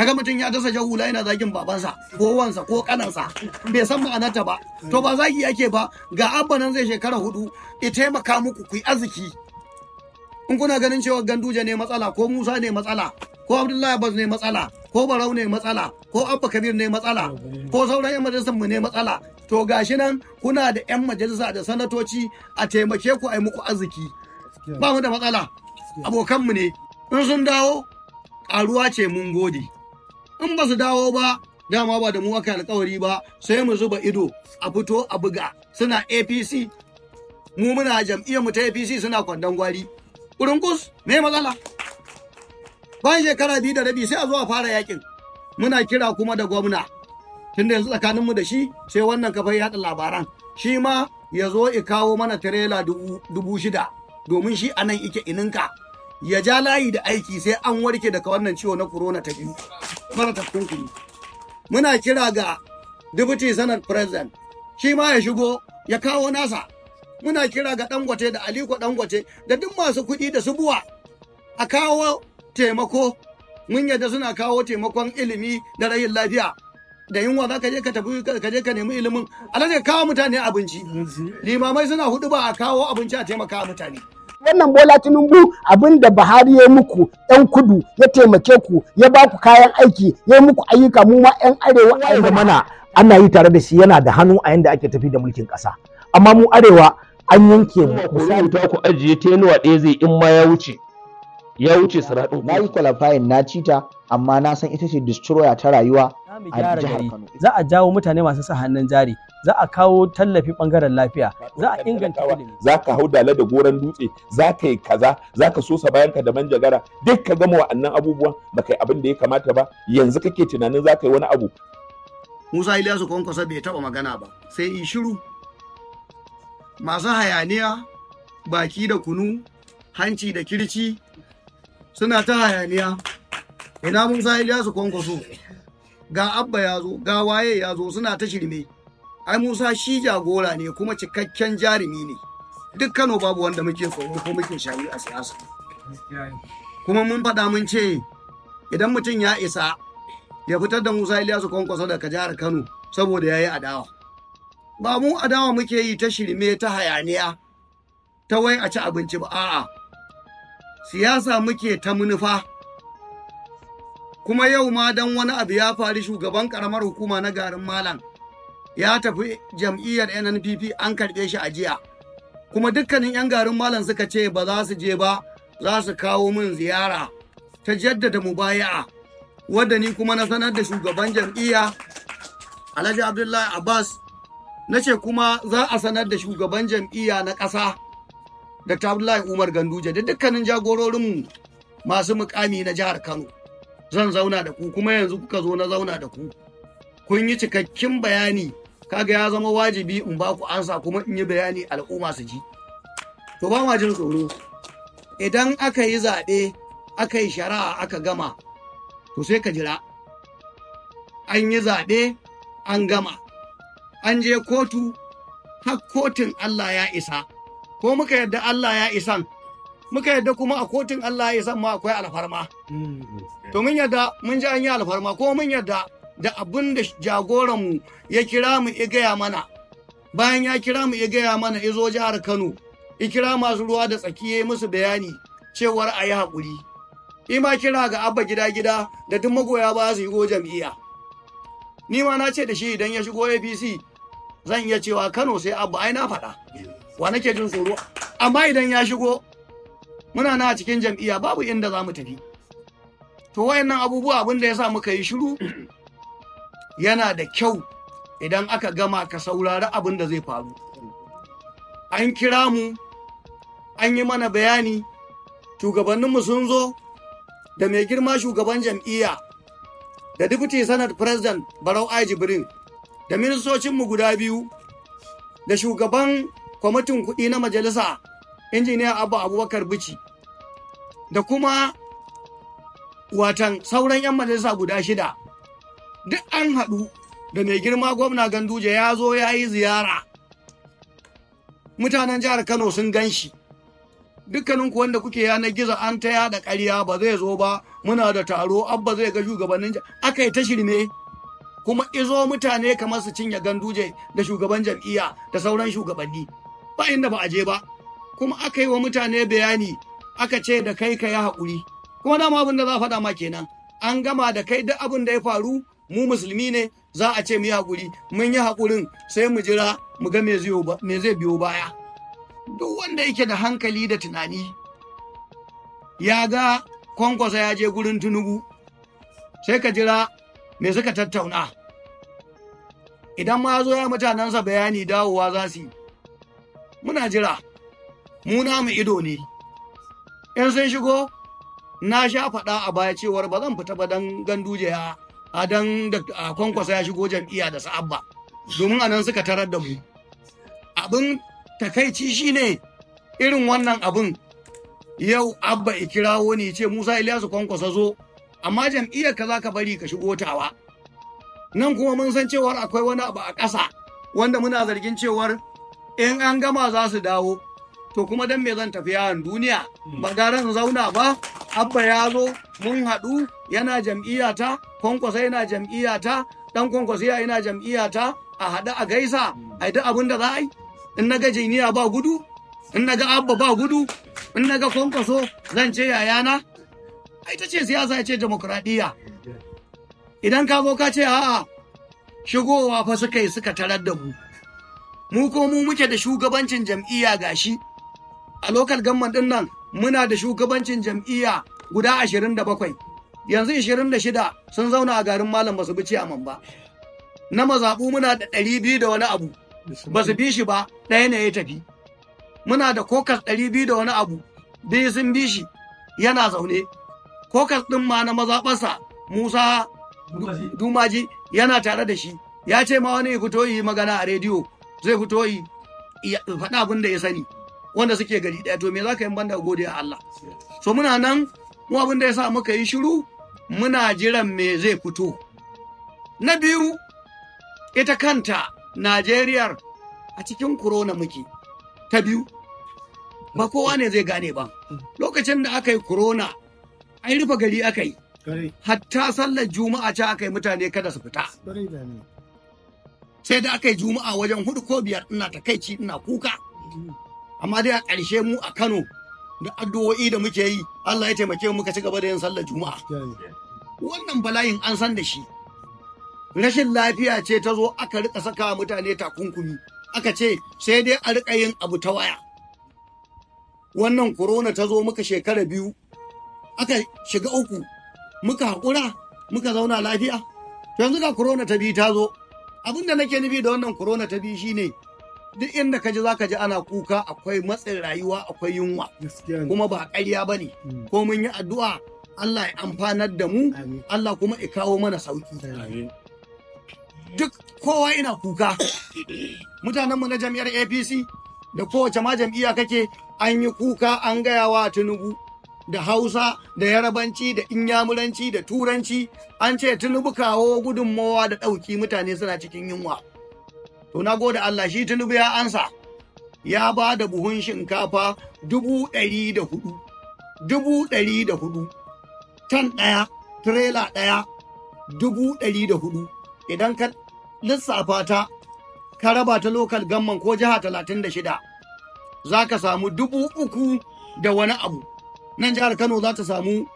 kaga mutum ya dasa jahu hula yana zagin babansa ko wansa ko kanansa bai san ma'anarta ba to ba zagi yake ba ga abba nan zai shekara hudu ya taimaka muku ku yi arziki in kuna ganin cewa ganduje ne matsala ko musa ne matsala ko abdullahi abbas ne matsala ko barau ne matsala ko abba kabir ne matsala ko sauran yan majalisar mu ne matsala to gashi nan kuna da yan majalisa da sanatoci a taimake ku a yi muku arziki ba mu da matsala abokanmu ne in sun dawo ƙaruwa ce mun gode in ba su dawo ba dama ba da mu aka alkawari ba sai mu zuba ido a fito a buga suna apc mu muna jam'iyyar mu ta apc suna kwandon gwari kurunkus me matsala bayan shekara biyu da rabi sai a zo a fara yakin muna kira kuma da gwamna tunda yanzu tsakanin mu da shi sai wannan kafa yaɗa labaran shi ma ya zo ya kawo mana tirela dubu shida domin shi a nan ike ininka ya ja layi da aiki sai an warke daga wannan ciwo na corona ta biyu fara muna kira ga deputy senate president shi ma ya shigo ya kawo nasa muna kira ga dangote da aliko dangote da duk masu kuɗi da su buwa a kawo taimako mun yadda suna kawo taimakon ilimi da rayin lafiya da yunwa za ka je ka tafi ka ka nemi ilimin alaje kawo mutane abinci limamai suna hudu ba a kawo abinci a taimaka mutane wannan bola tinubu abin da buhari ya muku yan kudu ya taimake ku ya ba ku kayan aiki ya muku ayyuka mu ma yan arewa a mana ana yi tare da shi yana da hannu a yanda ake tafi da mulkin kasa amma mu arewa an yanke mu misali ta ku ajiye tenuwa ɗaya zai in ma ya wuce ya wuce na yi qualifying na cita amma na san ita ce destroyer ta rayuwa mu gyara gari za a jawo mutane masu sa hannun jari za a kawo tallafi bangaren lafiya za a inganta ilimi za ka hau dala da goran dutse za ka yi kaza za ka sosa bayan ka da manjagara duk ka gama wa'annan abubuwan ba kai abin da ya kamata ba yanzu kake tunanin za ka yi wani abu Musa Ilyasu Kwankwasa bai taɓa magana ba sai in shiru masu hayaniya baki da kunu hanci da kirci suna ta hayaniya ina Musa Ilyasu Kwankwaso ga abba ya zo ga waye ya zo suna ta shirme ai musa shi jagora ne kuma cikakken jarumi ne duk kano babu wanda muke tsoro ko muke shayi a siyasa kuma mun faɗa mun ce idan mutum ya isa ya fitar da musa iliyasu kwankwaso daga jihar kano saboda ya yi adawa ba mu adawa muke yi ta shirme ta hayaniya ta wai a ci abinci ba a'a siyasa muke ta manufa kuma yau ma dan wani abu ya faru shugaban karamar hukuma na garin malam ya tafi jam'iyyar nnpp an karɓe shi a jiya kuma dukkanin 'yan garin malam suka ce ba za su je ba za su kawo min ziyara ta jaddada mubaya'a wadda ni kuma na sanar da shugaban jam'iyya alhaji abdullahi abbas na ce kuma za a sanar da shugaban jam'iyya na ƙasa da abdullahi umar ganduje da dukkanin jagororinmu masu mukami na jihar kano zan zauna da ku kuma yanzu kuka zo na zauna da ku kun yi cikakken bayani kaga ya zama wajibi in ba ku ansa kuma in yi bayani al'umma su ji to ba ma jin tsoro idan aka yi zaɓe aka yi shari'a aka gama to sai ka jira an yi zaɓe an gama an je kotu har kotun Allah ya isa ko muka yadda Allah ya isan muka yadda kuma a kotun Allah ya isan ma akwai alfarma mm-hmm. to mun yadda mun ji an yi alfarma ko mun yadda da abin da jagoranmu ya kira mu ya gaya mana bayan ya kira mu ya gaya mana ya zo jihar kano ya kira masu ruwa da tsaki ya musu bayani cewar a yi haƙuri ma kira ga abba gida gida da duk magoya ba su yi jam'iyya ni ma na ce da shi idan ya shigo apc zan iya cewa kano sai abba ai na faɗa wa nake jin tsoro amma idan ya shigo muna na cikin jam'iyya babu inda za mu tafi to wayannan abubuwa abin da ya sa muka yi shiru yana da kyau idan aka gama ka saurari abin da zai faru an kira mu an yi mana bayani shugabanninmu sun zo da mai girma shugaban jam'iyya da deputy senate president barau jibrin da ministocinmu guda biyu da shugaban kwamitin kuɗi na majalisa injiniya Abba abubakar bici da kuma watan sauran 'yan majalisa guda shida duk an haɗu da mai girma gwamna ganduje ya zo ya yi ziyara mutanen jihar kano sun gan shi dukkaninku wanda kuke yanar gizo an ta yada ƙarya ba zai zo ba muna da taro abba zai ga shugabannin aka yi ta shirme kuma izo mutane kamar su cinye ganduje da shugaban jam'iyya da sauran shugabanni ba inda ba a je ba kuma aka yi wa mutane bayani aka ce da kai ka yi haƙuri kuma dama abin da za faɗa ma kenan an gama da kai duk abin da ya faru mu musulmi ne za a ce mu yi haƙuri mun yi hakurin, sai mu jira mu ga me zai biyo baya duk wanda yake da hankali da tunani ya ga kwankwasa ya je gurin tunugu. sai ka jira me suka tattauna idan ma zo ya mutanensa bayani dawowa za su yi muna jira mu namu ido ne in sun shigo na sha faɗa a baya cewar ba zan fita ba dan ganduje ya a dan da kwankwasa ya shigo jam'iyya da ba domin a nan suka tarar da mu abin takaici shine irin wannan abin yau abba ya kirawo ne ce musa ilyasu kwankwasa zo amma jam'iyyar ka za ka bari ka shigo tawa nan kuma mun san cewar akwai wani abu a ƙasa wanda muna zargin cewar in an gama za su dawo to kuma dan me zan tafi yawon duniya ba gara zauna ba abba ya zo mun haɗu yana jam'iyyata kwankwasa yana jam'iyyata Ɗan kwankwasa ya yana jam'iyyata a haɗu a gaisa a yi duk abin da za a yi in na ga jiniya ba gudu in na ga abba ba gudu in na ga kwankwaso zan ce yayana ai ta ce siyasa ce demokuraɗiyya idan ka zo ka ce a'a shigowa fa suka yi suka tarar da mu mu ko mu muke da shugabancin jam'iyya gashi a lokal gamman din nan muna da shugabancin jam'iyya guda 27 yanzu 26 sun zauna a garin malam basu bi ciyaman ba na mazaɓu muna da 200 da wani abu ba su bi shi ba ɗaya ne ya tafi muna da kokas 200 da wani abu dai sun bi shi yana zaune kokas ɗin ma na mazaɓarsa musa dumaji yana tare da shi ya ce ma wani ya fito yi magana a rediyo zai fito yi faɗa abin da ya sani wanda suke gari daya to me ka yi banda gode a Allah so muna nan mu abin da yasa muka yi shiru muna jiran me zai fito na biyu ita kanta Najeriya a cikin corona muke ta biyu ba kowa ne zai gane ba lokacin da aka yi corona an rufe gari aka yi hatta sallar juma'a ce aka yi mutane kada su fita sai da aka yi juma'a wajen hudu ko biyar ina takaici ina kuka mm. amma dai a ƙarshe mu a Kano da addu'o'i da muke yi Allah ya taimake mu muka ci gaba da yin sallar juma'a wannan bala'in an san da shi rashin lafiya ce ta zo aka rika saka mutane takunkumi aka ce sai dai a rika yin abu ta waya wannan corona ta zo muka shekara biyu aka shiga uku muka haƙura muka zauna lafiya to yanzu ga corona ta biyu ta zo abin da nake nufi da wannan corona ta biyu shine duk inda ka ji zaka ji ana kuka akwai matsin rayuwa akwai yunwa kuma ba ƙarya bane hmm. ko mun yi addu'a Allah ya amfanar da mu Allah kuma ya kawo mana sauki duk kowa ina kuka mutanenmu na jami'ar APC da kowace ma jam'iyya kake an yi kuka an gaya wa Tinubu da Hausa da Yarabanci da Inyamuranci da Turanci an ce Tinubu kawo gudunmowa da ɗauki mutane suna cikin yunwa to na gode Allah shi tunubu ya ansa ya ba da buhun shinkafa dubu ɗari da hudu dubu ɗari da hudu tan ɗaya tirela ɗaya dubu ɗari da hudu idan ka lissafa ta ka raba ta lokal gamman ko jiha talatin da shida za ka samu dubu uku da wani abu nan jihar kano za ta samu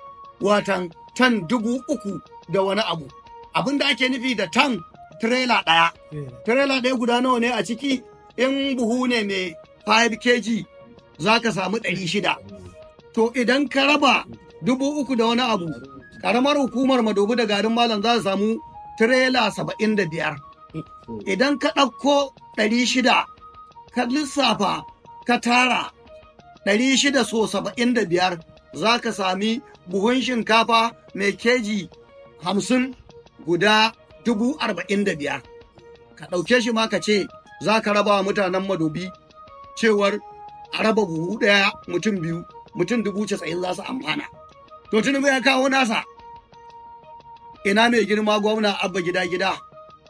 watan tan dubu uku da wani abu abin ake nufi da tan trailer ɗaya. Eh. Trailer ɗaya guda nawa ne a ciki in buhu ne mai 5 kg za ka samu ɗari shida. To idan ka raba dubu uku da wani abu, ƙaramar hukumar madobi da garin malam za su samu trailer saba'in da biyar. Idan ka ɗauko ɗari shida, ka lissafa ka tara ɗari shida so saba'in da biyar za ka sami buhun shinkafa mai keji hamsin guda dubu arba'in da biyar ka ɗauke shi ma ka ce za ka raba wa mutanen madobi cewar a raba buhu ɗaya mutum biyu mutum dubu casa'in za su amfana to tuni ya kawo nasa ina mai girma gwamna abba gida gida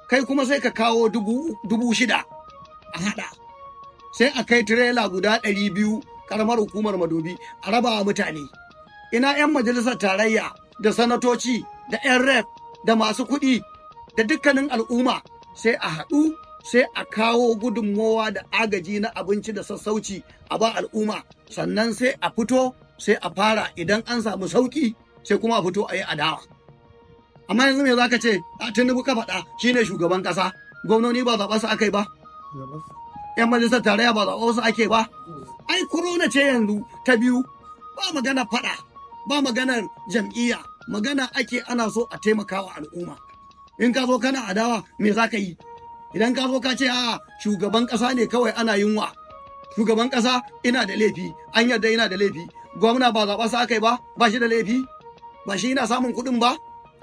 kai kuma sai ka kawo dubu shida a haɗa sai a kai tirela guda ɗari biyu karamar hukumar madobi a raba wa mutane ina 'yan majalisar tarayya da sanatoci da 'yan rep da masu kuɗi da dukkanin al'umma sai a haɗu sai a kawo gudunmowa da agaji na abinci da sassauci a ba al'umma sannan sai a fito sai a fara idan an samu sauki sai kuma a fito a yi adawa amma yanzu me za ka ce a tinubu ka faɗa shine shugaban ƙasa gwamnoni ba zaɓa su aka yi ba yan majalisar tarayya ba zaɓa su ake ba ai korona ce yanzu ta biyu ba magana faɗa ba maganar jam'iyya magana ake ana so a taimakawa al'umma in ka zo kana adawa me za ka yi idan ka zo ka ce a shugaban kasa ne kawai ana yunwa shugaban kasa ina da laifi an yarda ina da laifi gwamna ba zaɓa sa aka ba ba shi da laifi ba shi yana samun kuɗin ba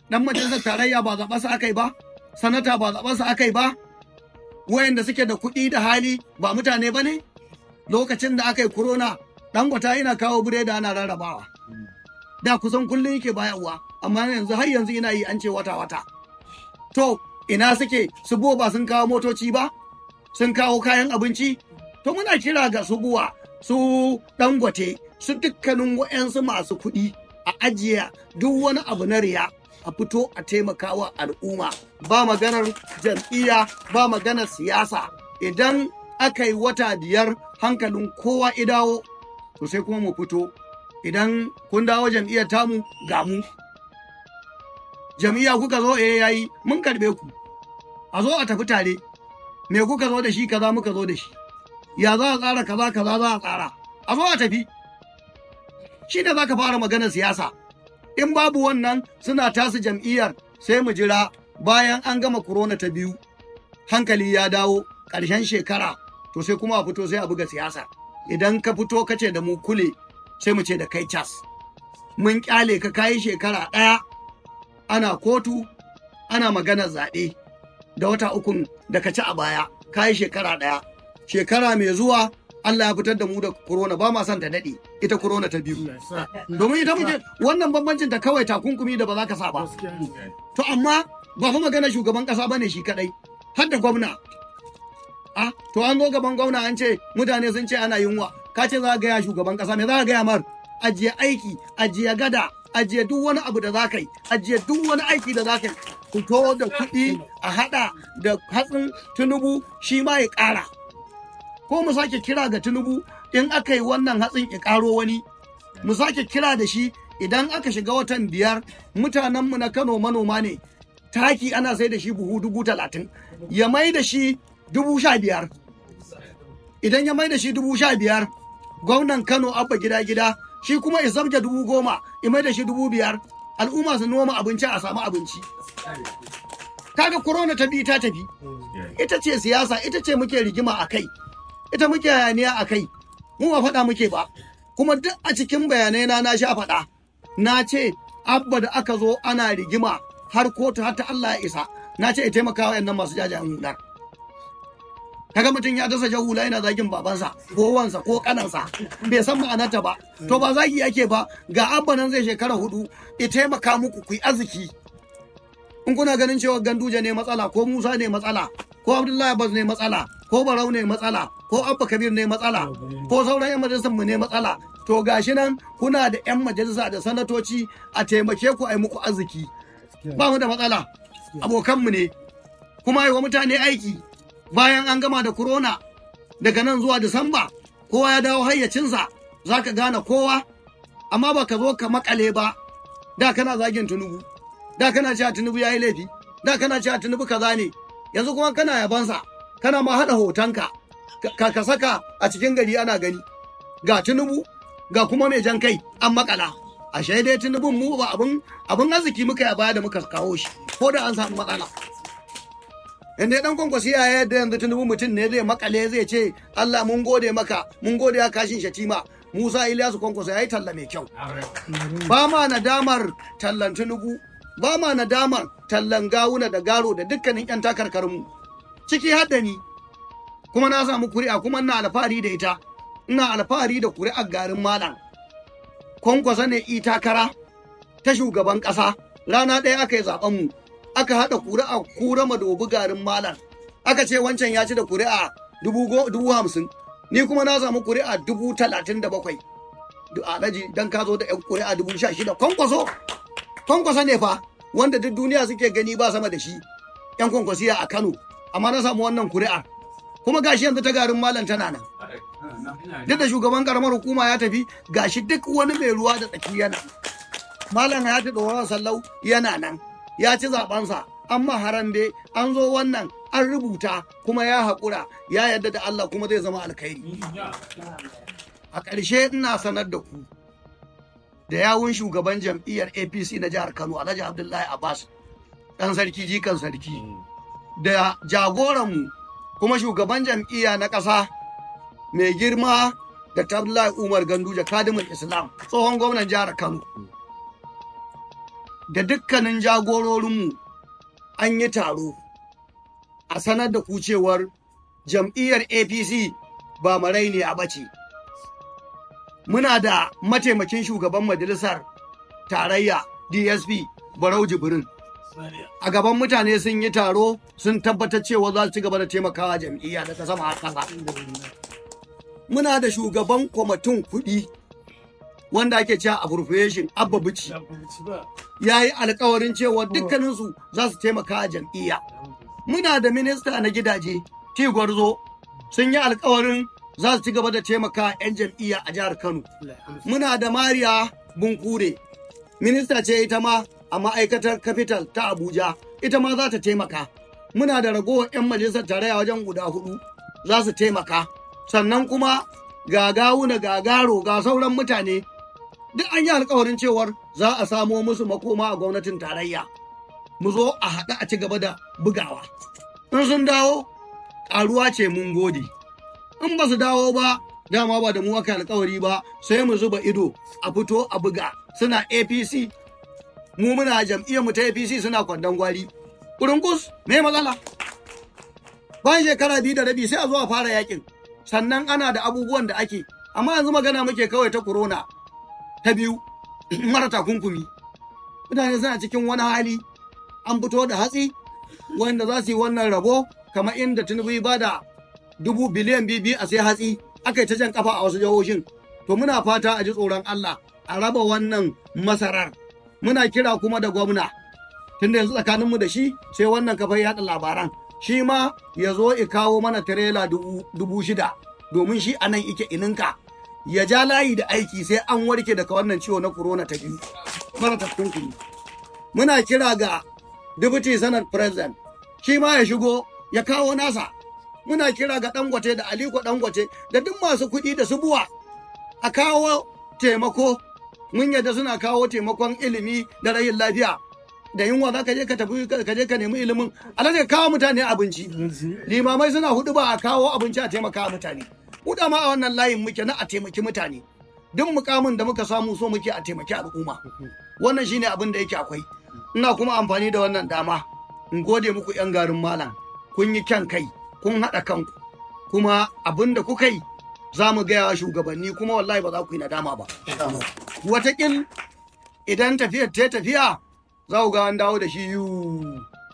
dan majalisar tarayya ba zaɓa sa aka ba sanata ba zaɓa sa aka yi ba wayanda suke da kuɗi da hali ba mutane ba ne lokacin da aka yi korona dangwata yana kawo bireda ana rarrabawa da kusan kullum yake bayarwa amma yanzu har yanzu ina yi an ce wata wata to ina suke su buwa ba sun kawo motoci ba sun kawo kayan abinci to muna kira ga su buwa su dangote su dukkanin wa'yansu masu kuɗi a ajiya duk wani abu na riya a fito a taimakawa al'umma ba maganar jam'iyya ba maganar siyasa idan aka yi wata biyar hankalin kowa idawo to sai kuma mu fito idan kun dawo jam'iyyar tamu ga mu jam'iyya kuka zo eh yayi mun karbe ku a zo a tafi tare me kuka zo da shi kaza muka zo da shi ya za a tsara kaza kaza za a tsara a zo a tafi shi ne za fara magana siyasa in babu wannan suna tasu jam'iyyar sai mu jira bayan an gama korona ta biyu hankali ya dawo ƙarshen shekara to sai kuma a fito sai a buga siyasa idan ka fito kace da mu kule sai mu ce da kai cas mun kyale ka kayi shekara ɗaya ana kotu ana magana zaɓe da wata ukun da ka ci a baya ka yi shekara ɗaya shekara mai zuwa Allah ya fitar da mu da korona ba ma son ta daɗe ita corona ta biyu domin ita muke wannan bambancin ta kawai takunkumi da ba za ka sa ba to amma ba fa magana shugaban ba ne shi kaɗai? har da gwamna a ah, to an zo gaban gwamna an ce mutane sun ce ana yunwa ka ce za a gaya shugaban ƙasa? me za a gaya mar ajiye aiki ajiye gada ajiye duk wani abu da za ka yi ajiye duk wani aiki da za ka yi fito da kuɗi a haɗa da hatsin tunubu shi ma ya ƙara ko mu sake kira ga tunubu in aka yi wannan hatsin ya ƙaro wani mu sake kira da shi idan aka shiga watan biyar mutanenmu na kano manoma ne taki ana sai da shi buhu dubu talatin ya mai da shi dubu sha biyar idan ya mai da shi dubu sha biyar gwamnan kano abba gida gida shi kuma zabge dubu goma mai da shi dubu biyar al'umma su noma abinci a samu abinci kaga korona ta bi ta tafi ita ce siyasa ita ce muke rigima a kai ita muke hayaniya a kai mu ba faɗa muke ba kuma duk a cikin bayanai na na sha faɗa na ce abba da aka zo ana rigima har kotu har ta Allah ya isa na ce ya taimaka wa masu jajayen hular kaga mutum ya dasa jahula yana zagin babansa ko wansa ko kanansa bai san ma'anarta ba to ba zagi yake ba ga abba nan zai shekara hudu ya taimaka muku ku yi arziki in kuna ganin cewa ganduje ne matsala ko musa ne matsala ko abdullahi abbas ne matsala ko barau ne matsala ko abba kabir ne matsala ko sauran yan majalisar mu ne matsala to gashi nan kuna da yan majalisa da sanatoci a taimake ku a yi muku arziki ba mu da matsala abokanmu ne kuma yi mutane aiki bayan an gama da corona daga nan zuwa Disamba kowa ya dawo hayyacinsa za ka gane kowa amma ba ka zo ka makale ba da kana zagin tunubu da kana cewa tunubu ya yi laifi da kana cewa tunubu kaza ne yanzu kuma kana yabansa kana ma haɗa hotonka ka ka saka a cikin gari ana gani ga tunubu ga kuma mai jan kai an makala ashe dai tunubun mu ba abin abin arziki muka ya baya da muka kawo shi ko da an samu matsala inda ya dan kwankwasi ya yadda yanzu tunubu mutum ne zai makale zai ce Allah mun gode maka mun gode ya kashin shatima Musa iliyasu kwankwasa ya yi talla mai kyau ba ma nadamar tallan tunubu ba ma nadamar tallan gawuna da garo da dukkanin yan takarkarmu ciki ni, kuma na samu kuri'a kuma ina alfahari da ita ina alfahari da kuri'ar garin malam kwankwasa ne itakara ta shugaban ƙasa rana ɗaya aka yi zaɓen mu aka haɗa kuri'a kura madobi garin malam aka ce wancan ya ci da kuri'a dubu hamsin ni kuma na samu kuri'a dubu talatin da bakwai A daji dan ka zo da yan kuri'a dubu sha shida kwankwaso kwankwaso ne fa wanda duk duniya suke gani ba sama da shi yan kwankwasiya a kano amma na samu wannan kuri'a kuma gashi yanzu ta garin malam tana nan duk da shugaban karamar hukuma ya tafi gashi duk wani mai ruwa da tsaki yana malam ya ta da sallau yana nan ya ci zaɓensa an maharambe an zo wannan an rubuta kuma ya haƙura ya yarda da Allah kuma zai zama alkhairi a ƙarshe ina sanar da ku da yawun shugaban jam'iyyar apc na jihar kano alhaji abdullahi abbas ɗan sarki jikan sarki da jagoran mu kuma shugaban jam'iyya na ƙasa mai girma da tabdullahi umar ganduja kadimin islam tsohon gwamnan jihar kano da dukkanin jagororinmu an yi taro a sanar da ku jam'iyyar apc ba marai ne a bace muna da mataimakin shugaban majalisar tarayya dsp barau jibrin a gaban mutane sun yi taro sun tabbatar cewa za su ci gaba da taimakawa jam'iyya daga sama har kasa muna da shugaban kwamitin kuɗi wanda ake cewa appropriation abba bici ya yi alkawarin cewa dukkaninsu za su taimaka a jam'iyya muna da minista na gidaje ti gwarzo sun yi alkawarin za su ci gaba da taimaka 'yan jam'iyya a jihar kano muna da mariya bunkure minista ce ita ma a ma'aikatar capital ta abuja ita ma za ta taimaka muna da ragowar 'yan majalisar tarayya wajen guda hudu za su taimaka sannan kuma ga gawuna ga garo ga sauran mutane duk an yi alkawarin cewar za a samo musu makoma a gwamnatin tarayya mu zo a haɗa a ci gaba da bugawa in sun dawo ƙaruwa ce mun gode in ba su dawo ba dama ba da mu aka alkawari ba sai mu zuba ido a fito a buga suna apc mu muna jam'iyyar mu ta apc suna kwandon gwari kurunkus me matsala bayan shekara biyu da rabi sai a zo a fara yakin sannan ana da abubuwan da ake amma yanzu magana muke kawai ta corona ta biyu mara takunkumi mutane suna cikin wani hali an fito da hatsi wanda za su yi wannan rabo kamar inda tinubu ba da dubu biliyan bibi a sai hatsi aka yi ta jan kafa a wasu jihohin to muna fata a ji tsoron Allah a raba wannan masarar muna kira kuma da gwamna tunda yanzu tsakaninmu da shi sai wannan kafar yaɗa labaran shi ma ya zo ya kawo mana tirela dubu shida domin shi a nan ike ininka ya ja layi da aiki sai an warke daga wannan ciwo na corona ta biyu mara takunkumi muna kira ga deputy senate president shi ma ya shigo ya kawo nasa muna kira ga dangote da aliko dangote da duk masu kuɗi da su buwa a kawo taimako mun yadda suna kawo taimakon ilimi da rayin lafiya da yunwa za ka je ka tafi ka je ka nemi ilimin alhaji kawo mutane abinci limamai suna hudu ba a kawo abinci a taimaka mutane mu da a wannan layin muke na a taimaki mutane duk mukamin da muka samu so muke a taimaki al'umma wannan shine abin da yake akwai ina kuma amfani da wannan dama in gode muku yan garin malam kun yi kyan kai kun haɗa kanku kuma abin da kuka yi za mu gaya wa shugabanni kuma wallahi ba za ku yi nadama ba Wataƙil idan tafiyar ta tafiya za ku ga an dawo da shi yiwu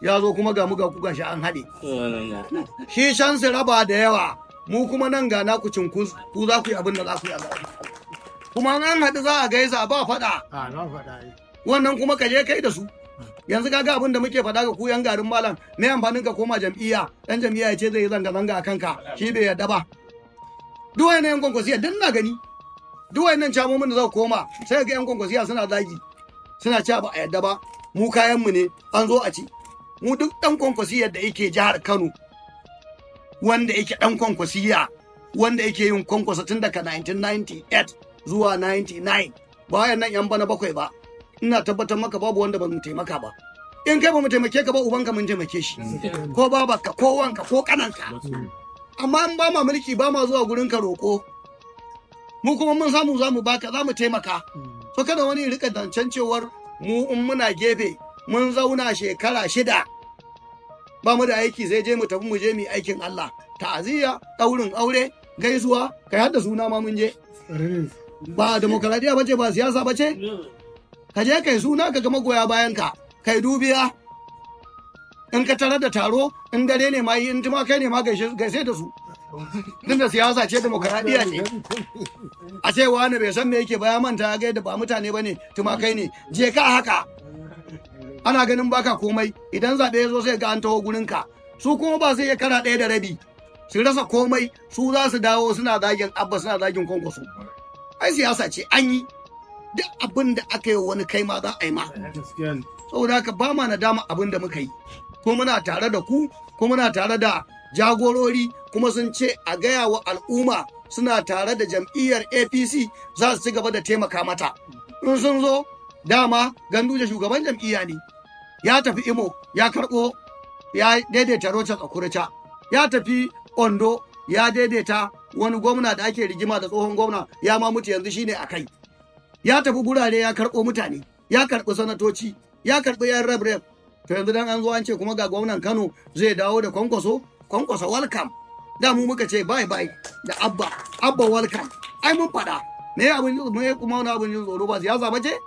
ya zo kuma ga muga ga shi an haɗe shi su raba da yawa mu kuma nan ga naku cinkus ku za ku yi abin da za ku yi a kuma an haɗu za a gaisa ba faɗa wannan kuma ka je kai da su yanzu ga abin da muke faɗa ga ku yan garin malam me amfanin ka koma jam'iyya dan jam'iyya ya ce zai yi zanga zanga a kanka shi bai yadda ba duk wani yan kwankwasiya dan na gani duk wayannan camomin da za koma sai ga yan kwankwasiya suna zagi suna cewa ba a yadda ba mu kayan mu ne an zo a ci mu duk dan kwankwasi yadda yake jihar Kano wanda yake ɗan kwankwasiya wanda yake yin kwankwasa tun daga 1998 zuwa 99 bayan nan yan bana bakwai ba ina tabbatar maka babu wanda ba mu taimaka ba in kai ba mu taimake ka ba ubanka mun taimake shi ko babanka ko wanka ko kananka amma in ba ma mulki ba ma zuwa gurin ka roko mu kuma mun samu za mu baka za mu taimaka to kada wani rika dancen cewar mu in muna gefe mun zauna shekara shida ba mu da aiki zai je mu tafi mu je mu aikin Allah ta'aziyya daurin aure gaisuwa kai hadda suna ma mun je ba demokradiya bace ba siyasa bace ka je kai suna ka ga magoya bayan ka kai dubiya in ka tarar da taro in dare ne ma yi in tuma kai ne ma gaishe da su din da siyasa ce demokradiya ce a ce wani bai san me yake ba ya manta ga yadda ba mutane bane tumakai ne je ka haka ana ganin baka komai idan zaɓe ya zo sai ga an taho gurinka su kuma ba sai ya kara ɗaya da rabi su rasa komai su za su dawo suna zagin abba suna zagin kwankwaso ai siyasa ce an yi duk abin da aka yi wani kai ma za a yi ma saboda haka ba ma nadama abin da muka yi ko muna tare da ku ko muna tare da jagorori kuma sun ce a gaya wa al'umma suna tare da jam'iyyar apc za su ci gaba da taimaka mata in sun zo dama gandu da shugaban jam'iyya ne ya tafi Imo ya karɓo ya daidaita Rocha Okorocha ya tafi Ondo ya daidaita wani gwamna da ake rigima da tsohon gwamna ya ma mutu yanzu shine a kai ya tafi gurare ya karɓo mutane ya karɓo sanatoci ya karɓo yan rab to yanzu dan an zo an ce kuma ga gwamnan Kano zai dawo da kwankwaso kwankwaso welcome da mu muka ce bye bye da abba abba welcome ai mun faɗa me abin me kuma wani abin tsoro ba Ya zama ce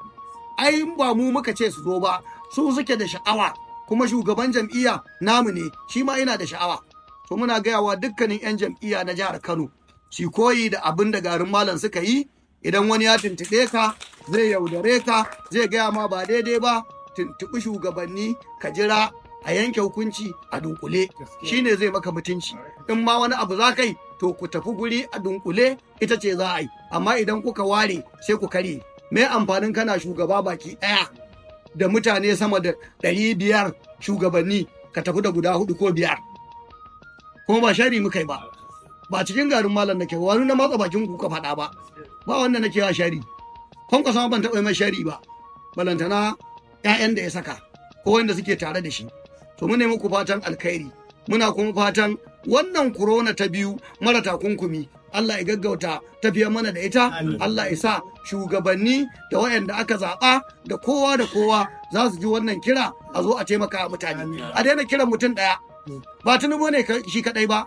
ai ba mu muka ce su zo ba su suke da sha'awa kuma shugaban jam'iyya namu ne shi ma ina da sha'awa to muna gayawa dukkanin 'yan jam'iyya na jihar Kano su koyi da abin da garin malam suka yi idan wani ya tuntuɓe ka zai yaudare ka zai gaya ma ba daidai ba tuntuɓi shugabanni ka jira a yanke hukunci a dunkule shine zai maka mutunci in ma wani abu za kai to ku tafi guri a dunkule ita ce za a yi amma idan kuka ware sai ku kare me amfanin kana shugaba baki ɗaya da mutane sama da ɗari biyar shugabanni ka tafi da guda hudu ko biyar kuma ba shari muka yi ba ba cikin garin malam nake wani na matsa bakin ku ka faɗa ba ba wanda nake wa shari ka sama ban taɓa mai shari ba balantana 'ya'yan da ya saka ko wanda suke tare da shi to mu nemi ku fatan alkhairi muna kuma fatan wannan korona ta biyu mara takunkumi Allah ya gaggauta tafiyar mana da ita Allah ya sa shugabanni da waɗanda aka zaɓa da kowa da kowa za su ji wannan kira a zo a taimaka mutane a daina kiran mutum ɗaya ba tunubu ne shi kaɗai ba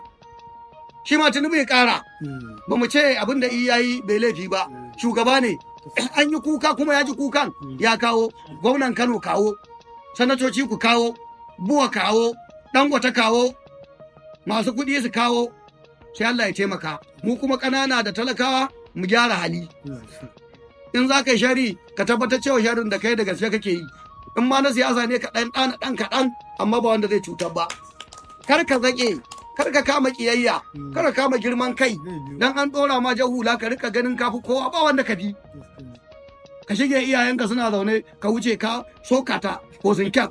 shi ma tunubu ya kara hmm. ba mu ce abin da iya bai laifi ba hmm. shugaba ne an yi kuka kuma ya ji kukan hmm. ya kawo gwamnan kano kawo sanatoci ku kawo buwa kawo dangwata kawo masu kuɗi su kawo sai Allah ya taimaka mu kuma ƙanana da talakawa mu gyara hali in za ka yi shari ka tabbatar cewa sharin da kai da gaske kake yi in ma na siyasa ne ka dan ɗan ɗan kaɗan amma ba wanda zai cutar ba kar ka zaƙe kar ka kama kiyayya kar ka kama girman kai dan an ɗora ma jahula ka rika ganin kafi kowa ba wanda ka bi ka shige iyayenka suna zaune ka wuce ka sokata ko sun kyan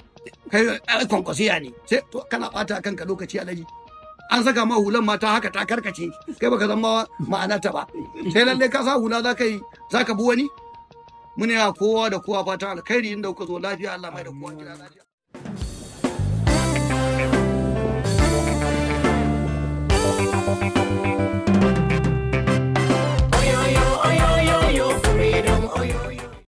kai eh, kwankwasiya ne sai kana ɓata kanka lokaci alaji an saka ma hulan mata haka ta karkace kai baka zama ma'ana ma'anar ta ba sai lalle ka sa hula zaka yi zaka bi wani mune kowa da kowa fata alkhairi inda kuka zo lafiya Allah mai da kowa gida lafiya